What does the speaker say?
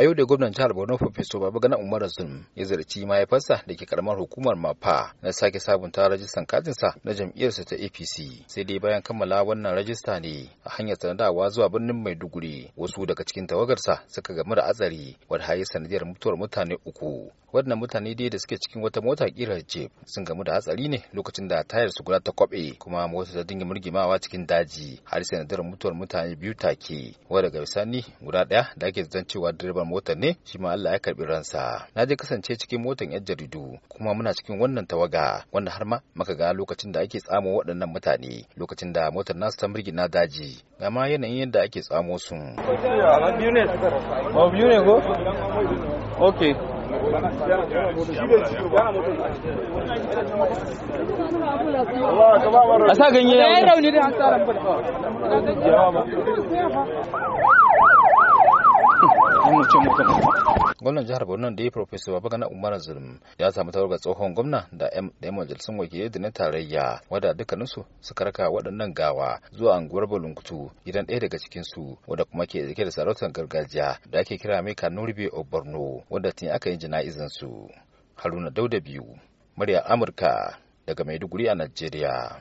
a yau da gwamnan jihar borno professor babagana umar zulm ya zarci mahaifarsa da ke karamar hukumar mafa na sake sabunta rajistan katinsa na jam'iyyarsa ta apc sai dai bayan kammala wannan rajista ne a hanyar sanadawa zuwa birnin maiduguri wasu daga cikin tawagarsa suka gamu da hatsari wadda haye sanadiyar mutuwar mutane uku waɗannan mutane dai da suke cikin wata mota kirar jeep sun gamu da hatsari ne lokacin da tayar su guda ta kwabe kuma motar ta dinga murgimawa cikin daji har sanadiyar mutuwar mutane biyu take wadda ga bisani guda ɗaya da ake zancewa direban motar ne shi ma Allah ya karbi ransa na je kasance cikin motar yan jaridu kuma muna cikin wannan tawaga wanda har ma muka ga lokacin da ake tsamo waɗannan mutane lokacin da motar nasu ta na daji amma yanayin yadda ake tsamo su a sa ganye ya rauni da Gwamnan jihar Borno da ya Profesor Babagana Umar Zulum ya samu ga tsohon gwamna da yan majalisun wakilai da na tarayya wadda dukkaninsu suka raka waɗannan gawa zuwa anguwar Bolunkutu gidan ɗaya daga cikinsu wadda kuma ke zike da sarautar gargajiya da ake kira mai Kanuribe borno wadda tun aka yi jana'izan su. Haruna Dauda biyu, murya Amurka daga Maiduguri a Najeriya.